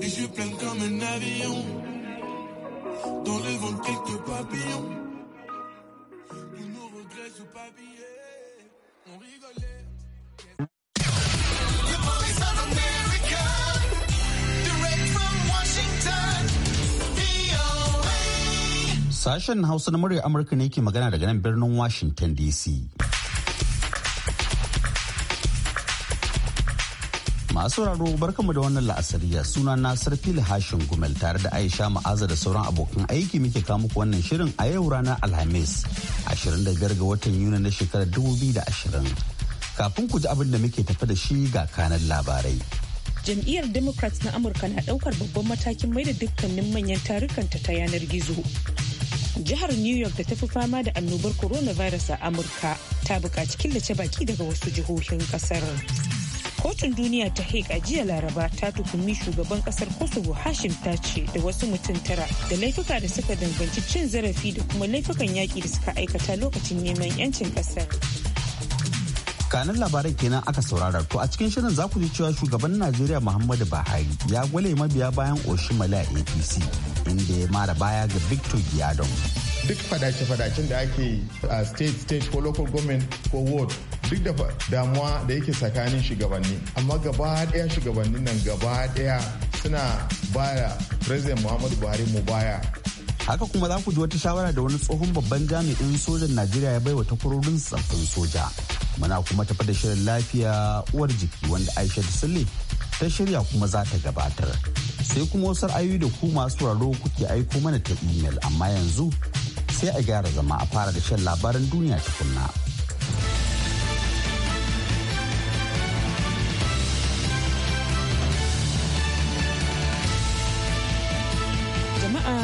Et je plane comme un avion. Dans le ventre, quelques papillons. Tous nos regrets sous papier. On rigolait. The voice of America. Direct from Washington. Sashen Hausa na murya Amurka ne magana daga nan birnin Washington DC. Masu sauraro barkanmu da wannan la'asariya suna na Sarfil Hashin Gumel tare da Aisha Ma'aza da sauran abokan aiki muke kawo muku wannan shirin a yau ranar Alhamis 25 ga watan Yuni na shekarar 2020. Kafin ku ji abin da muke tafi da shi ga kanan labarai. Jam'iyyar Democrats na Amurka na daukar babban matakin mai da dukkanin manyan tarukanta ta yanar gizo. Jihar New York da ta fi fama da annobar coronavirus a Amurka ta bukaci killace baki daga wasu jihohin ƙasar. kotun duniya ta Hek a jiya laraba ta tukumi shugaban kasar kosovo hashim ta ce da wasu mutum tara da laifuka da suka danganci cin zarafi da kuma laifukan yaƙi da suka aikata lokacin neman 'yancin kasar kanan labaran kenan aka saurara to a cikin shirin za ku ji cewa shugaban najeriya muhammadu Bahari ya gwale mabiya bayan oshimala apc inda ya mara baya ga victor giadon duk fadace-fadacen da ake a state state ko local government ko ward duk da damuwa da yake tsakanin shugabanni amma gaba daya shugabannin nan gaba daya suna baya president muhammadu buhari mu baya haka kuma za ku ji wata shawara da wani tsohon babban jami'in sojan najeriya ya bai wa takwarorin tsaffin soja muna kuma tafi da shirin lafiya uwar jiki wanda aisha da sule ta shirya kuma za ta gabatar sai kuma wasu ra'ayoyi da ku masu sauraro kuke aiko mana ta imel amma yanzu sai a gyara zama a fara da shan labaran duniya tukunna.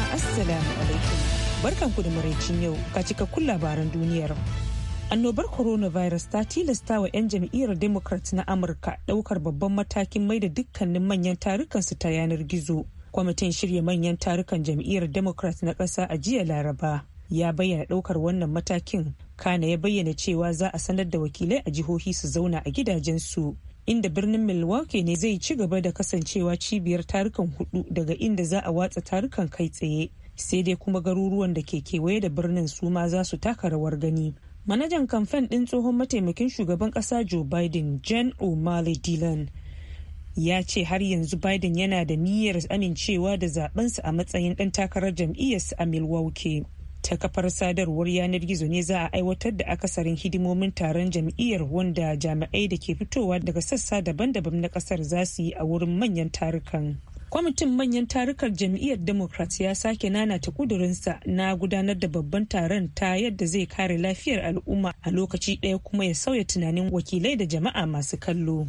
Assalamu alaikum. Barkan ku da maraicin yau ga cikakkun labaran duniyar. Annobar coronavirus ta tilasta wa 'yan jam'iyyar Democrat na Amurka ɗaukar babban matakin mai da dukkanin manyan tarukansu ta yanar gizo. Kwamitin shirya manyan tarukan jam'iyyar Democrat na ƙasa a jiya Laraba. ya bayyana ɗaukar wannan matakin kana ya bayyana cewa za a sanar da wakilai a jihohi su zauna a gidajensu inda birnin milwaukee ne zai ci gaba da kasancewa cibiyar tarukan hudu daga inda za a watsa tarukan kai tsaye sai dai kuma garuruwan da ke kewaye da birnin su ma za su taka rawar gani manajan kamfen ɗin tsohon mataimakin shugaban ƙasa joe biden jen o'malley dillon ya ce har yanzu biden yana da niyyar amincewa da zabensa a matsayin ɗan takarar jam'iyyarsa a milwaukee ta kafar sadarwar yanar gizo ne za a aiwatar da akasarin hidimomin taron jam'iyyar wanda jami'ai da ke fitowa daga sassa daban-daban na kasar za su yi a wurin manyan tarukan kwamitin manyan tarukar jam'iyyar democrat ya sake nana ta kudurinsa na gudanar da babban taron ta yadda zai kare lafiyar al'umma a lokaci ɗaya kuma ya sauya tunanin wakilai da jama'a masu kallo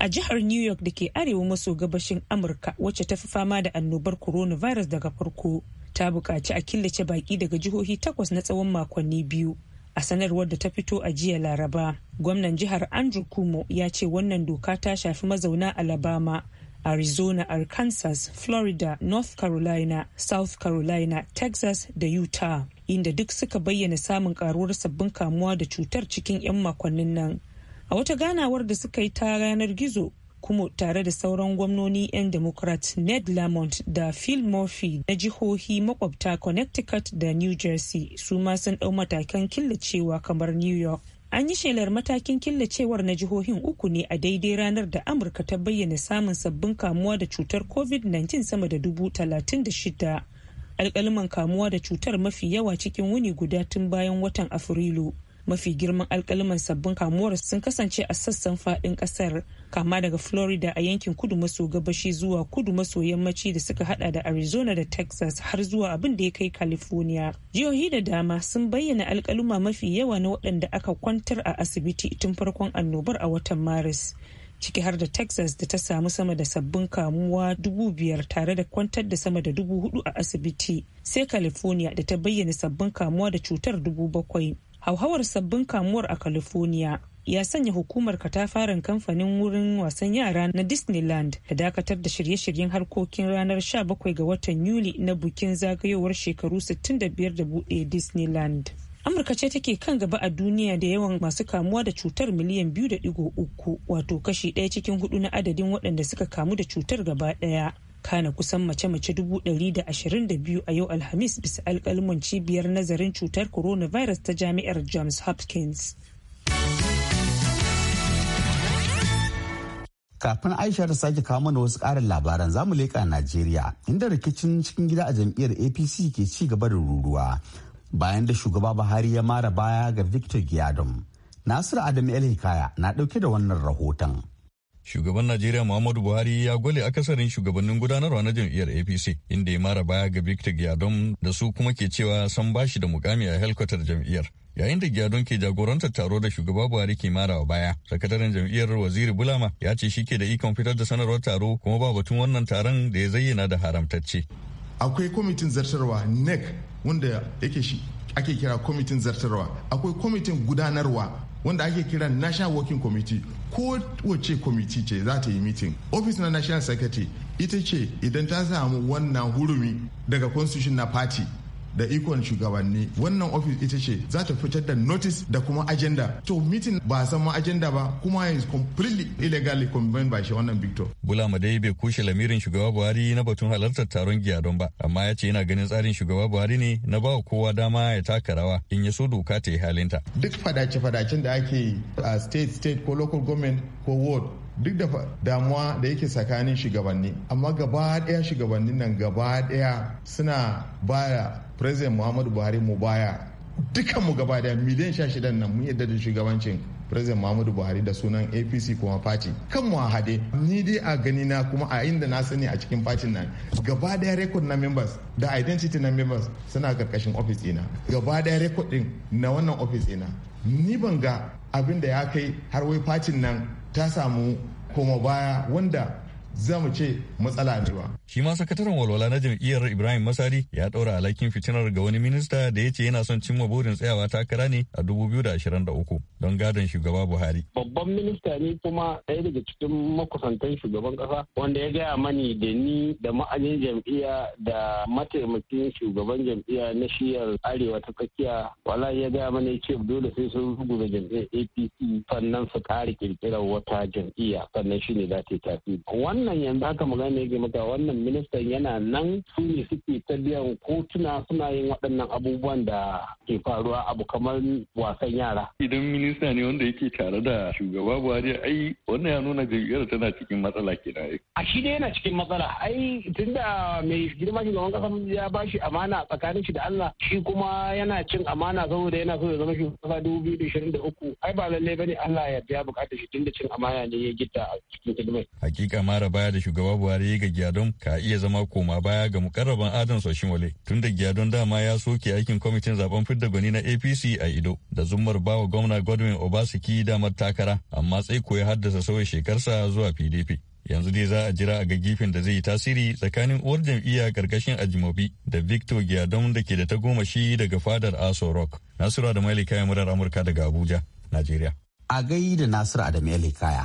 a jihar new york da ke arewa maso gabashin amurka wacce ta fi fama da annobar coronavirus daga farko ta buƙaci a killace baƙi daga jihohi takwas na tsawon makonni biyu a sanarwar da ta fito a jiya laraba gwamnan jihar andrew kumo ya ce wannan doka ta shafi mazauna alabama arizona arkansas florida north carolina south carolina texas da utah inda duk suka bayyana samun karuwar sabbin kamuwa da cutar cikin 'yan makonnin nan a wata ganawar da suka yi ta yanar gizo kuma tare da sauran gwamnoni 'yan democrat ned lamont da phil murphy na jihohi makwabta connecticut da new jersey su ma sun ɗau matakan killacewa kamar new york an yi shelar matakin killacewar na jihohin uku ne a daidai ranar da amurka ta bayyana samun sabbin kamuwa da cutar covid-19 sama da dubu talatin da shida alkaliman kamuwa da cutar mafi yawa cikin wuni guda tun bayan watan afrilu mafi girman alkaliman sabbin kamuwar sun kasance a sassan fadin kasar kama daga florida a yankin kudu maso gabashi zuwa kudu maso yammaci da suka hada da arizona da texas har zuwa abin da ya kai california jihohi da dama sun bayyana alkaluma mafi yawa na waɗanda aka kwantar a asibiti tun farkon annobar a watan maris ciki har da texas da ta samu sama da sabbin kamuwa dubu biyar tare da kwantar da sama da dubu hudu a asibiti sai california da ta bayyana sabbin kamuwa da cutar dubu bakwai hauhawar sabbin kamuwar a california ya sanya hukumar katafaren kamfanin wurin wasan yara na disneyland da dakatar da shirye-shiryen harkokin ranar 17 ga watan yuli na bukin zagayowar shekaru 65 da buɗe disneyland amurka ce take kan gaba a duniya da yawan masu kamuwa da cutar miliyan 2.3 wato kashi ɗaya cikin hudu na adadin waɗanda suka kamu da cutar gaba ɗaya kana kusan mace-mace 122 a yau alhamis bisa alkalmin cibiyar nazarin cutar coronavirus ta jami'ar johns hopkins kafin aisha ta sake kawo mana wasu ƙarin labaran zamu leka najeriya inda rikicin cikin gida a jam'iyyar apc ke ci gaba da ruruwa bayan da shugaba buhari ya mara baya ga victor giadom nasiru adamu el hikaya na ɗauke da wannan rahoton shugaban Najeriya Muhammadu Buhari ya gwale akasarin shugabannin gudanarwa na jam'iyyar APC inda ya mara baya ga Victor Gyadon da su kuma ke cewa san bashi da mukami a helkwatar jam'iyyar. Yayin da Gyadon ke jagorantar taro da shugaba Buhari ke mara wa baya, sakataren jam'iyyar Waziri Bulama ya ce shi ke da ikon fitar da sanarwar taro kuma ba batun wannan taron da ya zayyana da haramtacce. Akwai kwamitin zartarwa NEC wanda yake shi ake kira kwamitin zartarwa akwai kwamitin gudanarwa wanda ake kiran national working committee ko wace committee ce za ta yi meeting office na national secretary ita ce idan ta samu wannan hurumi daga constitution na party da ikon shugabanni wannan ofis ita ce za ta fitar da notice da kuma agenda to mitin ba san ma agenda ba kuma is completely illegally convened by shi wannan victor bulama dai bai kushe lamirin shugaba buhari na batun halartar taron giyadon ba amma ya ce yana ganin tsarin shugaba buhari ne na ba kowa dama ya taka rawa in ya so doka ta yi halinta duk fadace-fadacen da ake a state state ko local government ko ward duk da damuwa da yake tsakanin shugabanni amma gaba daya shugabannin nan gaba daya suna baya president muhammadu buhari mu baya dukkanmu gaba daya miliyan sha nan mun yadda da shugabancin president muhammadu buhari da sunan apc kuma party kan mu hade ni dai a gani na kuma a inda na sani a cikin party nan gaba daya record na members da identity na members suna karkashin office ina gaba daya record din na wannan office ina ni ban ga abin da ya kai har wai party nan ta samu koma baya wanda za ce matsala ne ba. Shi ma sakataren walwala na jam'iyyar Ibrahim Masari ya ɗaura alhakin fitinar ga wani minista da ya ce yana son cimma burin tsayawa takara ne a da 2023 don gadon shugaba Buhari. Babban minista ne kuma ɗaya daga cikin makusantan shugaban ƙasa wanda ya gaya mani da ni da ma'anin jam'iyya da mataimakin shugaban jam'iyya na shiyar arewa ta tsakiya wala ya gaya mani ce dole sai sun ruguza jam'iyyar APC sannan su ƙara ƙirƙirar wata jam'iyya sannan shi ne za ta yi tasiri. Wannan wannan yanzu haka magana yake maka wannan ministan yana nan su ne suke ta biyan kotuna suna yin waɗannan abubuwan da ke faruwa abu kamar wasan yara. Idan minista ne wanda yake tare da shugaba Buhari ai wannan ya nuna jam'iyyar tana cikin matsala kenan. A shi dai yana cikin matsala ai tunda mai girma shugaban kasa ya ba shi amana tsakanin shi da Allah shi kuma yana cin amana saboda yana so ya zama shugaban kasa dubu biyu da ishirin da uku ai ba lallai bane Allah ya biya bukatar shi tunda cin amana ne ya gita a cikin hidimai. Hakika mara baya da shugaba buhari ya ga gyadon ka iya zama koma baya ga mukarraban adam soshimole tun da gyadon dama ya soke aikin kwamitin zaben fidda gwani na apc a ido da zummar bawa gwamna godwin obasiki damar takara amma tsaiko ya haddasa sauya shekarsa zuwa pdp yanzu dai za a jira a ga gifin da zai yi tasiri tsakanin uwar jam'iyya karkashin ajimobi da victor gyadon da ke da ta goma shi daga fadar aso rock nasiru da mailika ya murar amurka daga abuja najeriya a gai da nasiru ya kaya.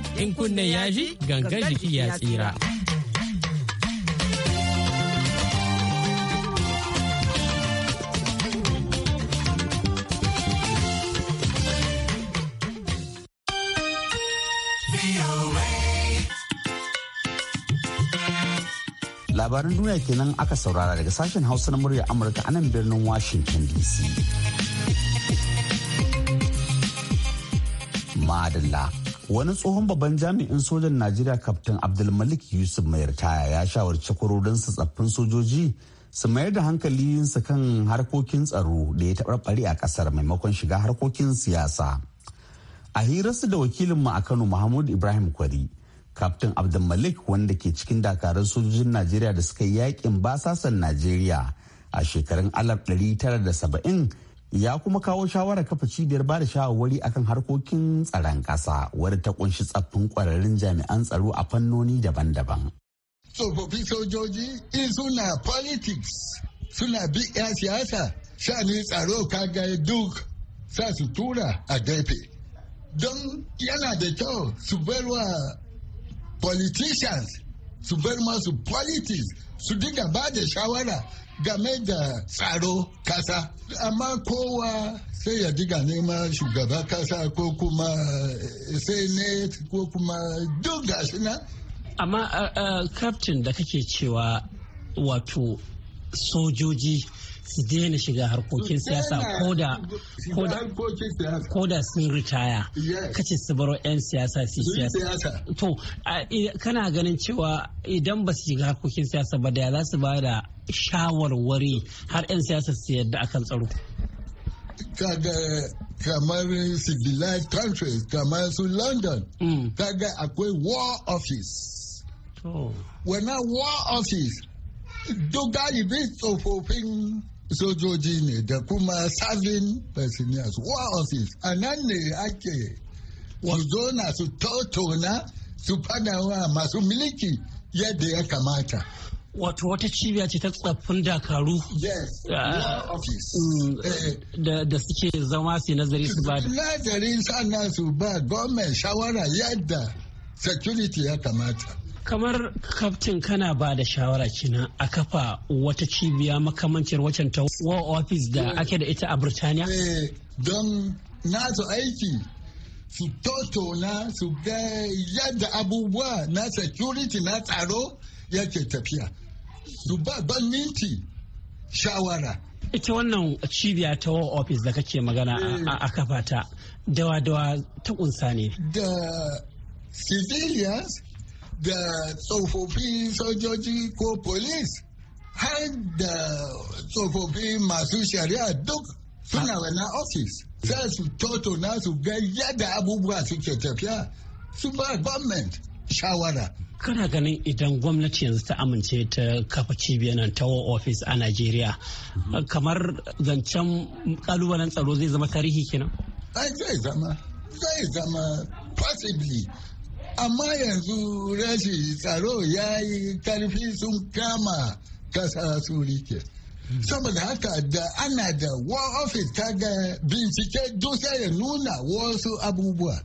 in kunne ya ji gangan jiki ya tsira. labaran duniya kenan aka saurara daga sashen hausa na murya amurka anan birnin washington dc madalla wani tsohon babban jami'in sojan najeriya kaftin abdulmalik yusuf mai ritaya ya shawarci kwarorinsa tsaffin sojoji su mayar da hankalinsa kan harkokin tsaro da ya taɓarɓare a ƙasar maimakon shiga harkokin siyasa a hirarsu da wakilinmu a kano mahmud ibrahim kwari kaftin abdulmalik wanda ke cikin dakarun sojojin najeriya da suka yi yakin basasan najeriya a shekarun 1970 ya kuma kawo shawarar kafa cibiyar ba da shawarwari akan harkokin tsaron ƙasa wadda ta kunshi tsaffin kwararrun jami'an tsaro a fannoni daban-daban. tsofaffin sojoji in suna politics suna bi ya siyasa sha'anin tsaro kaga duk sa su tura a gefe don yana da kyau su bar wa politicians su bar masu politics su dinga ba da shawara game da tsaro kasa amma kowa sai ya diga nema shugaba kasa ko kuma eh, sai ne ko kuma duk gashi na amma kaftin eh, eh, da kake cewa wato sojoji su daina shiga harkokin siyasa ko da sun ritaya kace su baro 'yan siyasa su siyasa to kana ganin cewa idan ba su shiga harkokin siyasa ba da za su ba da shawarwari har 'yan siyasa su yadda akan tsaro kaga kamar civilized countries kamar su london mm. kaga akwai war office wannan war office duk galibin tsofaffin sojoji ne da kuma serving personnel war office a nan ne ake zona su tautona su fada wa masu miliki yadda ya kamata wato wata cibiya ce ta tsaffin dakaru ah. mm, eh. da suke zama su nazari su ba da nazari sannan su ba gwamnati shawara yadda security ya kamata kamar kaftin kana ba da shawara kina a kafa wata cibiya makamancin wacan ta war office da eh. ake da ita a birtaniya eh, don nasu aiki su tattauna su ga yadda abubuwa na security na tsaro yake tafiya su ba minti shawara ita wannan cibiya ta war office da kake magana a eh. ta dawa-dawa ta kunsa ne da civilians da tsofaffi sojoji ko polis har da tsofaffi masu shari'a duk suna wannan ofis za su toto su ga yadda abubuwa suke tafiya su ba gwamnati shawara kana ganin idan gwamnati yanzu ta amince ta kafa cibiyar nan ta ofis a Najeriya mhm. kamar zancen kalubalen tsaro zai zama tarihi kenan? zai zama, zai zama possibly amma yanzu rashin tsaro ya yi karfi sun kama kasa su rike saboda haka da ana da war office ta ga bincike dusa ya nuna wasu abubuwa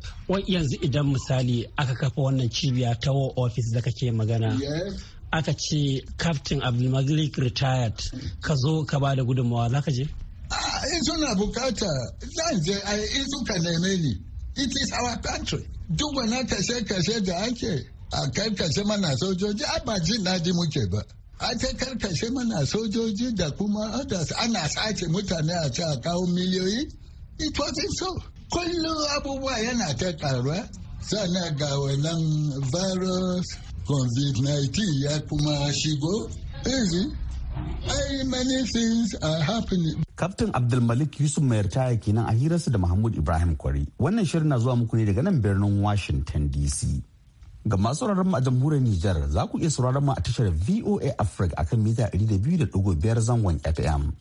yanzu idan misali aka kafa wannan cibiya ta war office da kake magana aka ce captain abdulmalik retired ka zo ka ba da gudunmawa za ka je ah, in suna bukata zan je in suka neme ni it is our country duk wannan kashe-kashe da ake a karkashe mana sojoji a ba jin daɗi muke ba a ta karkashe mana sojoji da kuma others ana sace mutane a ce a kawo miliyoyi it wasn't so kullum abubuwa yana ta karuwa sana ga wannan virus covid-19 ya kuma shigo easy many things are happening Kaftin Abdulmalik Yusuf mai ritaya kenan a hirarsa da Mahmud Ibrahim Kwari. Wannan shirin na zuwa muku ne daga nan birnin Washington DC. Ga masu sauraron mu a jamhuriyar Nijar za ku iya sauraron mu a tashar VOA Africa akan mita 200.5 zangon FM.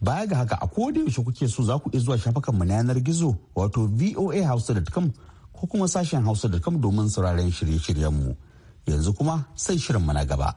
Baya ga haka a koda yaushe kuke so za ku iya zuwa mu na yanar gizo wato voahausa.com ko kuma sashen hausa.com domin sauraron shirye shiryen mu Yanzu kuma sai shirin mu na gaba.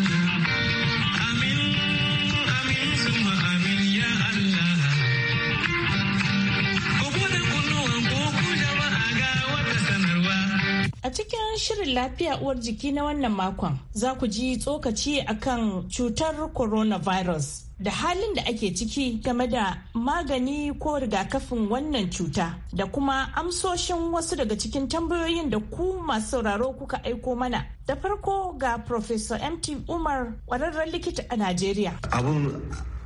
A cikin shirin lafiya uwar jiki na wannan makon za ku ji tsokaci akan cutar coronavirus da halin da ake ciki game da magani ko rigakafin wannan cuta da kuma amsoshin wasu daga cikin tambayoyin da ku masu sauraro kuka aiko mana da farko ga Professor MT Umar ƙwararren likita a Najeriya. Abun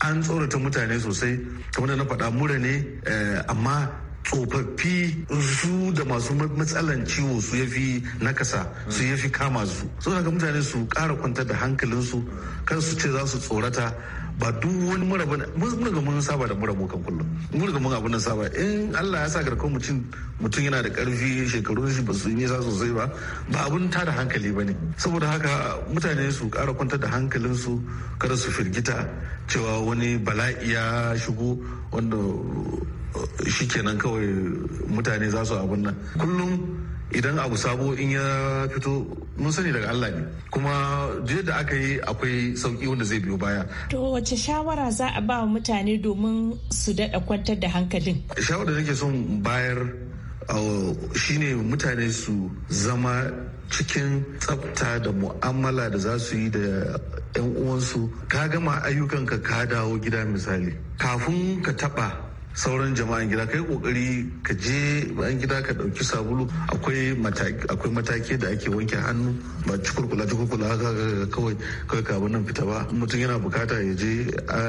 an tsorata mutane sosai kamar da na faɗa mura ne eh, amma tsofaffi su da masu matsalan ciwo su yafi nakasa su yafi kama su su ga mutane su kara kwantar da hankalinsu kan su ce za su tsorata ba duk wani mura bane mun ga mun saba da mura kan kullum mun ga mun abun nan saba in Allah ya sa garkon mutum mutum yana da karfi shekarun shi ba su yi nisa sosai ba ba abun ta da hankali bane saboda haka mutane su kara kwantar da hankalin su kada su firgita cewa wani bala'i ya shigo wanda shikenan kawai mutane za su abin nan kullum idan abu sabo in ya fito mun sani daga Allah ne kuma duk da aka yi akwai sauki wanda zai biyo baya to wace shawara za a ba mutane domin su daɗa kwantar da hankalin shawara da nake son bayar shine mutane su zama cikin tsafta da mu'amala da za su yi da 'yan uwansu ka gama ayyukanka ka dawo gida misali kafin ka taɓa sauran jama'an gida kai kokari ka je bayan gida ka dauki sabulu akwai mataki da ake wanke hannu ba cikurkula cikurkula haka kawai kawai ka nan fita ba mutum yana bukata ya je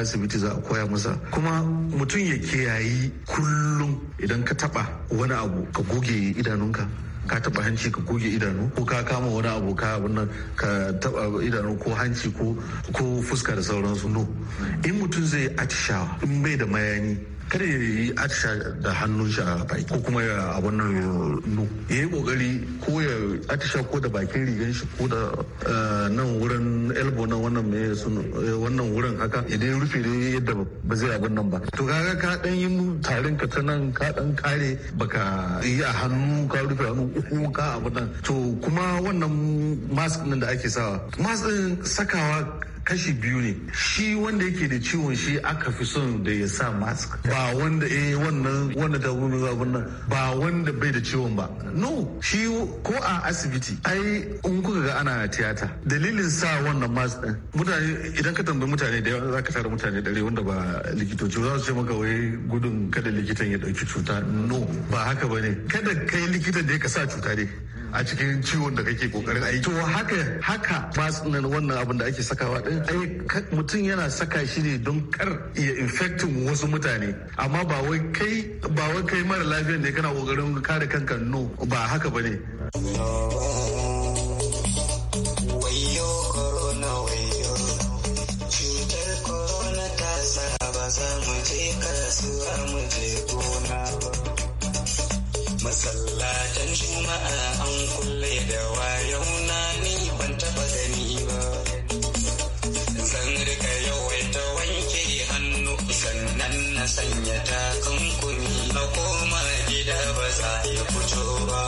asibiti za a koya masa kuma mutum ya kiyayi kullum idan ka taba wani abu ka goge idanunka ka taba hanci ka goge idanu ko ka kama wani abu ka abin ka taba idanu ko hanci ko fuska da sauransu no in mutum zai atishawa in bai da mayani kada ya yi atisha da hannun shi a baki ko kuma a wannan nu ya yi kokari ko ya atisha ko da bakin rigan shi ko da eh, nan wurin elbo na wannan mai eh, wannan wurin haka idan ya rufe dai yadda ba zai abin nan ba to kaga ka dan yi tarin ka ta nan ka dan kare baka yi a hannu ka rufe hannu ko ka abin nan to kuma wannan mask din da ake sawa mask din sakawa kashi biyu ne shi wanda yake da ciwon shi aka fi son da ya sa mask ba wanda eh wannan wanda ta gumi zagun nan ba wanda bai da ciwon ba no shi ko a asibiti ai in kuka ga ana tiyata dalilin sa wannan mask din mutane idan ka tambayi mutane da yawa za ka tara mutane dare wanda ba likitoci za su ce maka wai gudun kada likitan ya dauki cuta no ba haka bane kada kai likitan da ya ka sa cuta dai a cikin ciwon da kake kokarin aiki to haka haka matsin wannan abin da ake sakawa din ai mutum yana saka shi ne don kar ya infectin wasu mutane amma ba wai kai ba wai kai mara lafiyar ne kana kokarin kare kanka no ba haka bane Za mu je je masallatan juma'a an kulle da wayau na ni ban taba gani ba zan rika yawaita wanke hannu sannan na sanya takunkumi na koma gida ba za a fito ba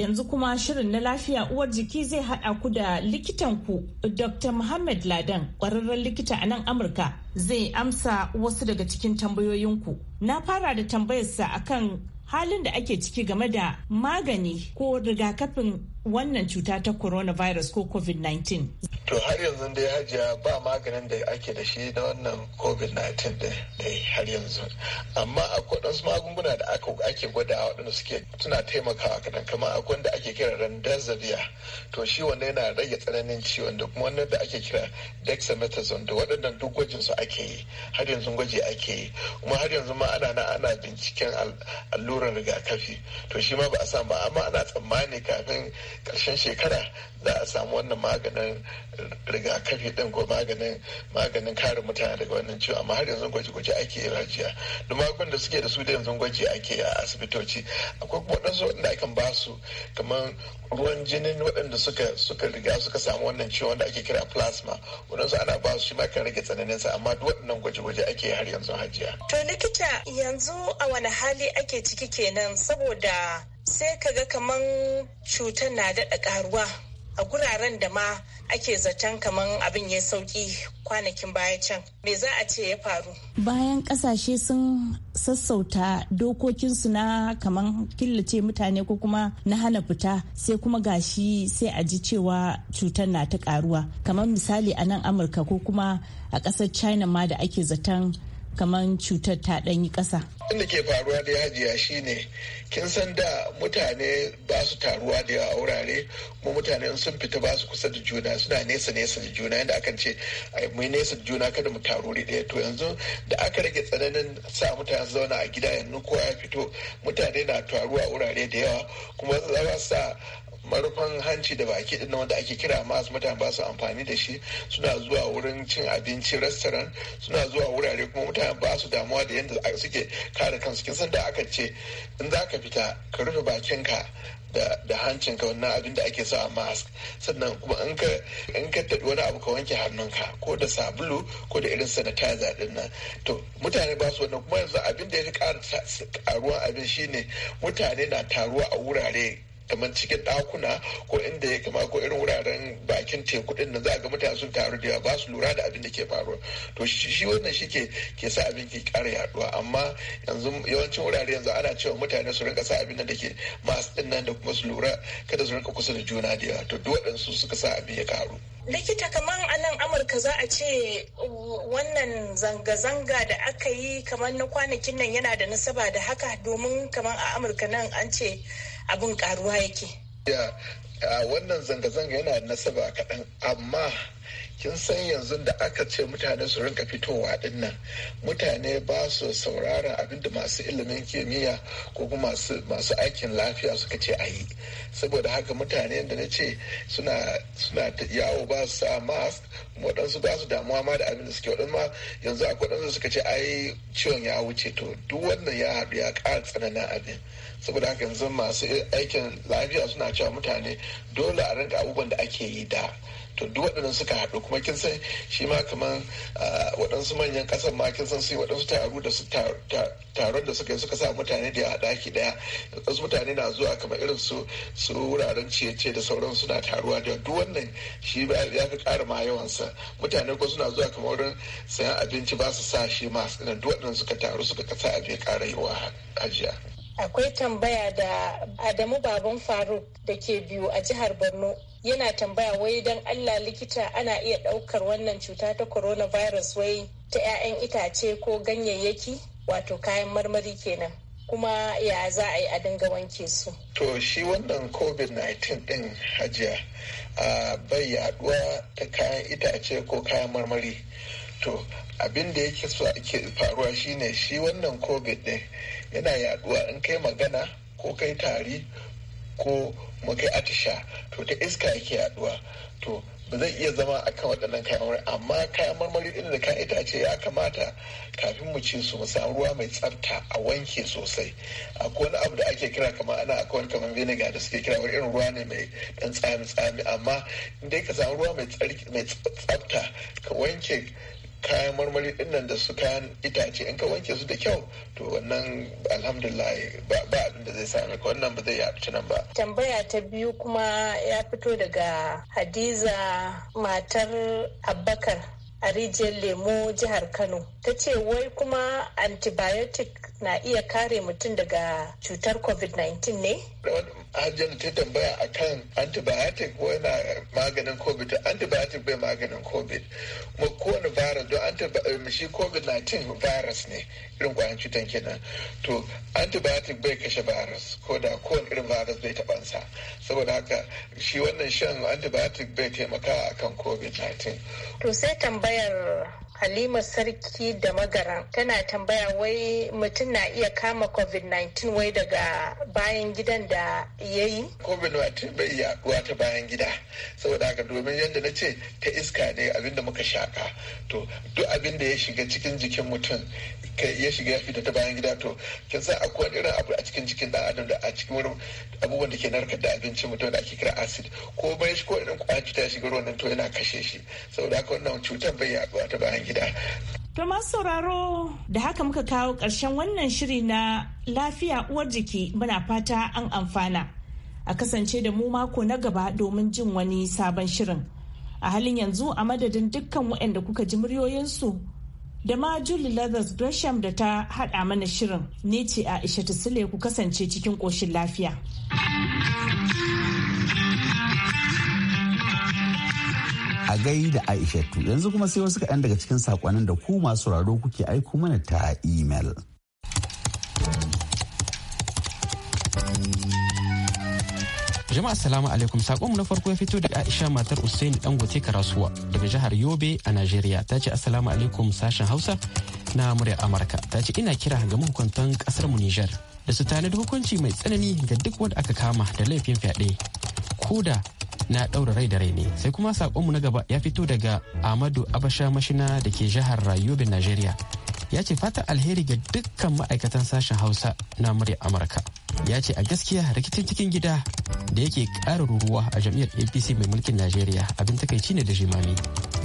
yanzu kuma shirin na lafiya uwar jiki zai haɗa ku da likitan ku dr muhammad ladan ƙwararren likita a nan amurka zai amsa wasu daga cikin tambayoyinku na fara da tambayarsa akan halin da ake ciki game da magani ko rigakafin wannan cuta ta coronavirus ko covid-19? To har yanzu dai hajiya ba maganin da ake da shi na wannan covid-19 dai har yanzu. Amma akwai wasu magunguna da ake gwadawa waɗanda suke suna taimakawa kadan kamar akwai wanda ake kira rendezvia to shi wanda yana rage tsananin ciwon da kuma wanda ake kira dexamethasone da waɗannan duk gwajin su ake yi har yanzu gwaji ake yi kuma har yanzu ma ana na ana binciken allurar rigakafi to shi ma ba a samu amma ana tsammani kafin karshen shekara za a samu wannan maganin rigakafi din ko maganin maganin kare mutane daga wannan ciwo amma har yanzu gwaje-gwaje ake yi rajiya da magun da suke da su da yanzu gwaji ake a asibitoci akwai kuma waɗansu waɗanda ake ba su kamar ruwan jinin waɗanda suka suka riga suka samu wannan ciwo wanda ake kira plasma waɗansu ana ba su shi ma kan rage tsananin sa amma duk waɗannan gwaje-gwaje ake har yanzu hajiya. to likita yanzu a wani hali ake ciki kenan saboda sai ka ga kaman cutar na daɗa ƙaruwa a guraren da ma ake zaton kaman abin ya sauki kwanakin baya can me za a ce ya faru bayan kasashe sun sassauta dokokinsu na kaman killace mutane ko kuma na hana fita sai kuma gashi sai a ji cewa cutar na ta karuwa kamar misali a nan amurka ko kuma a ƙasar china ma da ake zaton kamar cutar ta ɗanyi ƙasa. Inda ke faruwa da hajiya shine kin san da mutane ba su taruwa da yawa a wurare kuma mutane sun fita ba su kusa da juna suna nesa nesa da juna yadda akan ce mai nesa da juna kada mu taru ɗaya to yanzu da aka rage tsananin sa mutane zauna a gida yanzu kowa ya fito mutane na taruwa a wurare da yawa kuma za sa marufan hanci da baki din wanda ake kira mas mutane ba su amfani da shi suna zuwa wurin cin abinci restaurant suna zuwa wurare kuma mutane ba su damuwa da yadda suke kare kansu kin san da aka ce in za ka fita ka rufe bakinka da da hancinka wannan abin da ake sa a mask sannan kuma in ka in ka taɗi wani abu ka wanke hannunka ko da sabulu ko da irin sanitizer din nan to mutane ba su wannan kuma yanzu abin da ya fi ƙaruwa abin shine mutane na taruwa a wurare kamar cikin ɗakuna ko inda ya kama ko irin wuraren bakin teku din nan za ga mutane sun taru da ba su lura da abin da ke faruwa to shi wannan shi ke ke sa abin ke ƙara yaduwa amma yanzu yawancin wurare yanzu ana cewa mutane su rinka sa abin da ke masu din nan da kuma su lura kada su rinka kusa da juna da yawa to duk waɗansu suka sa abin ya karu. likita kamar a nan amurka za a ce uh, wannan zanga-zanga da aka yi kamar na kwanakin nan yana da nasaba da haka domin kamar a amurka nan an ce abin karuwa yake wannan zanga-zanga yana da nasaba kaɗan amma kin san yanzu da aka ce mutane su rinka fitowa din nan mutane ba su sauraron abin masu ilimin kimiyya ko kuma masu aikin lafiya suka ce a yi saboda haka mutane da na ce suna yawo ba su sa mask waɗansu ba su damuwa ma da abin da suke waɗansu ma yanzu akwai waɗansu suka ce ai ciwon ya wuce to duk wannan ya haɗu ya ƙara tsananin abin saboda haka yanzu masu aikin lafiya suna cewa mutane dole a rinka abubuwan da ake yi da to duk waɗannan suka haɗu kuma kin san shi ma kamar waɗansu manyan ƙasar ma kin san su waɗansu taro da su taron da suka yi suka sa mutane da a ki ɗaya wasu mutane na zuwa kamar irin su su wuraren ciye-ciye da sauran suna taruwa da duk wannan shi ya fi ƙara ma yawansa mutane ko suna zuwa kamar wurin sayan abinci ba su sa shi ma duk waɗannan suka taru suka kasa abin ƙara wa ajiya. akwai tambaya da adamu baban faruk da ke biyu a jihar borno yana tambaya wai don allah likita ana iya ɗaukar wannan cuta ta coronavirus wai ta 'ya'yan itace ko ganyayyaki wato kayan marmari kenan kuma ya za a yi a dinga wanke su. To shi wannan COVID-19 ɗin hajiya a bai yaduwa ta kayan itace ko kayan marmari. To abin yake so ake faruwa shine shi wannan COVID ɗin yana yaduwa in kai magana ko kai tari ko mu kai atisha to ta iska yake yaduwa to ba zai iya zama akan waɗannan kayan marmari amma kayan marmari ɗin da kayan itace ya kamata kafin mu ci su musa samu ruwa mai tsafta a wanke sosai akwai wani abu da ake kira kamar ana akwai kamar vinegar da suke kira wani irin ruwa ne mai ɗan tsami tsami amma in dai ka samu ruwa mai tsafta ka wanke kayan marmari din nan da su kayan itace in ka wanke su da kyau to wannan alhamdulillah ba abin da zai sa ka wannan ba zai yaɗu ta nan ba. Tambaya ta biyu kuma ya fito daga Hadiza matar Abbakar a rijiyar lemo jihar kano ta ce wai kuma antibiotic na iya kare mutum daga cutar covid-19 ne hajjana ta tambaya a kan antibiotic ko yana maganin covid antibiotic bai maganin covid kuma kowane virus don shi covid-19 virus ne irin kwayan cutan kenan to antibiotic bai kashe virus ko da kowane irin virus bai tabansa saboda haka shi wannan shan antibiotic bai taimaka kan covid-19 to sai tambayar halima sarki da magara tana tambaya wai mutum na iya kama covid-19 wai daga bayan gidan da ya yi covid bai yaduwa ta bayan gida saboda haka domin yadda na ce ta iska ne abinda muka shaka to duk abinda ya shiga cikin jikin mutum ya shiga ya fita ta bayan gida to kin san akwai irin abu a cikin jikin dan adam da a cikin wani abubuwan da ke narkar da abinci mutum da ake kira acid ko bai shi ko irin kwayan ta shiga ruwan nan to yana kashe shi saboda haka wannan cutar bai yaduwa ta bayan gida gida. To masu sauraro da haka muka kawo ƙarshen wannan shiri na lafiya uwar jiki muna fata an amfana. A kasance da mu mako na gaba domin jin wani sabon shirin. A halin yanzu a madadin dukkan waɗanda kuka ji muryoyinsu da ma Julie Leathers Gresham da ta haɗa mana shirin ne ce a Ishatu Sule ku kasance cikin ƙoshin lafiya. a da aishatu yanzu kuma sai wasu kaɗan daga cikin saƙonin da ku masu raro kuke aiko mana ta imel. Jama'a salamu alaikum saƙonmu na farko ya fito da Aisha matar Usaini Dangote Karasuwa daga jihar Yobe a Najeriya ta ce assalamu alaikum sashen Hausa na murya Amurka ta ce ina kira ga mahukuntan kasar mu Nijar da su tanadi hukunci mai tsanani ga duk wanda aka kama da laifin fyaɗe koda na ɗaura rai da rai ne sai kuma saƙonmu na gaba ya fito daga amadu abasha mashina da ke jihar rayuwar najeriya ya ce fata alheri ga dukkan ma'aikatan sashen hausa na murya amurka ya ce a gaskiya rikicin cikin gida da yake ƙara ruruwa a jam'iyyar apc mai mulkin najeriya abin takaici ne da jimami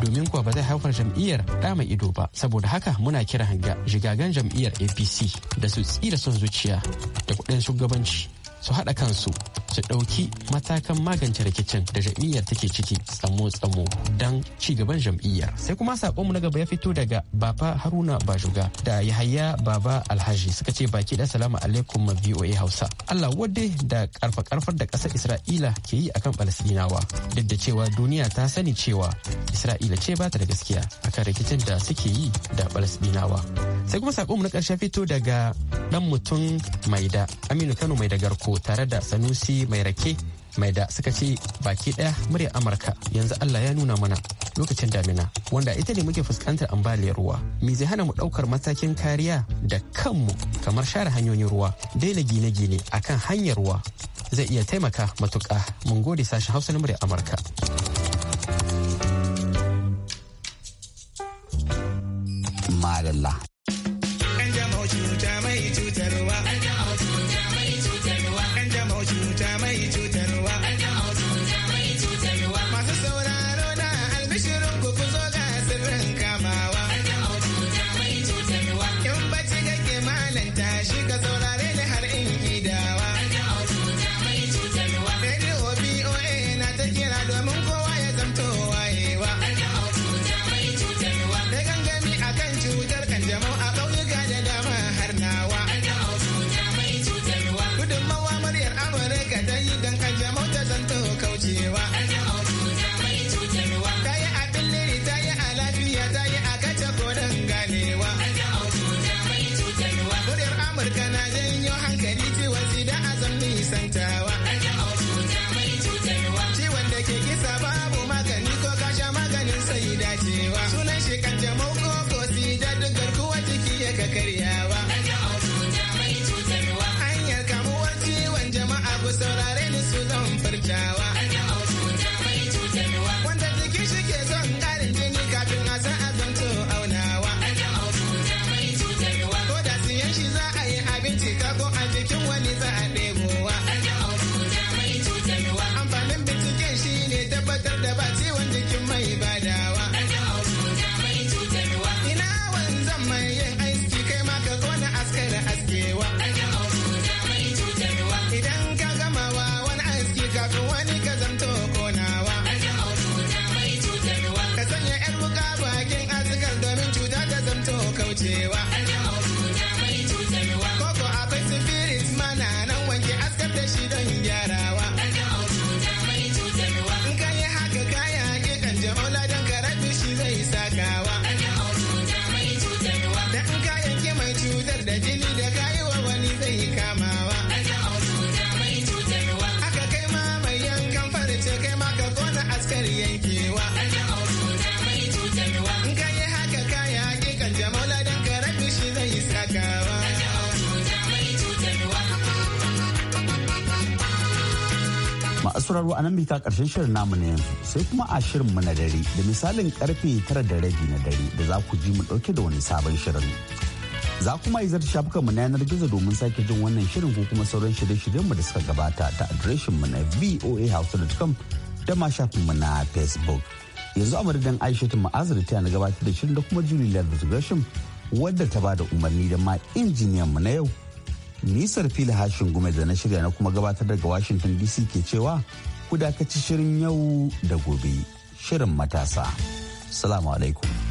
domin kuwa ba zai haifar jam'iyyar ɗa mai ido ba saboda haka muna kira ga jigagan jam'iyyar apc da su tsira son zuciya da kuɗin shugabanci su haɗa kansu ta ɗauki matakan magance rikicin da jam'iyyar take ciki tsamo-tsamo don ci gaban jam'iyyar sai kuma sakonmu na gaba ya fito daga baba haruna bajuga da yahaya baba alhaji suka ce baki da salamu alaikum ma voa hausa allah wadde da karfa karfar da ƙasar isra'ila ke yi akan falasɗinawa duk da cewa duniya ta sani cewa isra'ila ce bata da gaskiya akan rikicin da suke yi da falasɗinawa sai kuma sakonmu na ƙarshe fito daga dan mutum maida aminu kano mai da garko tare da sanusi mai rake mai da suka ce baki daya muryar amurka yanzu allah ya nuna mana lokacin damina wanda ita ne muke fuskantar ambaliyar ruwa me zai hana mu daukar matakin kariya da kanmu kamar share hanyoyin ruwa daina gine-gine akan hanyar ruwa zai iya taimaka matuka mun gode sashen hausa na muryar amurka sauraro a nan mika karshen shirin namu na yanzu sai kuma a shirin mu na dare da misalin karfe tara da rabi na dare da za ku ji mu dauke da wani sabon shirin. Za kuma yi zarta shafukan mu na yanar gizo domin sake jin wannan shirin ko kuma sauran shirye-shiryen mu da suka gabata ta adireshin mu na voahouse.com da ma shafin mu na Facebook. Yanzu a madadin Aisha Ma'azir ta na gabatar da shirin da kuma Julie Lerner Gresham wadda ta ba da umarni da ma injiniyan mu na yau. Nisar fili hashin gume da na shirya na kuma gabatar daga Washington DC ke cewa ku dakaci shirin yau da gobe shirin matasa. Salamu alaikum.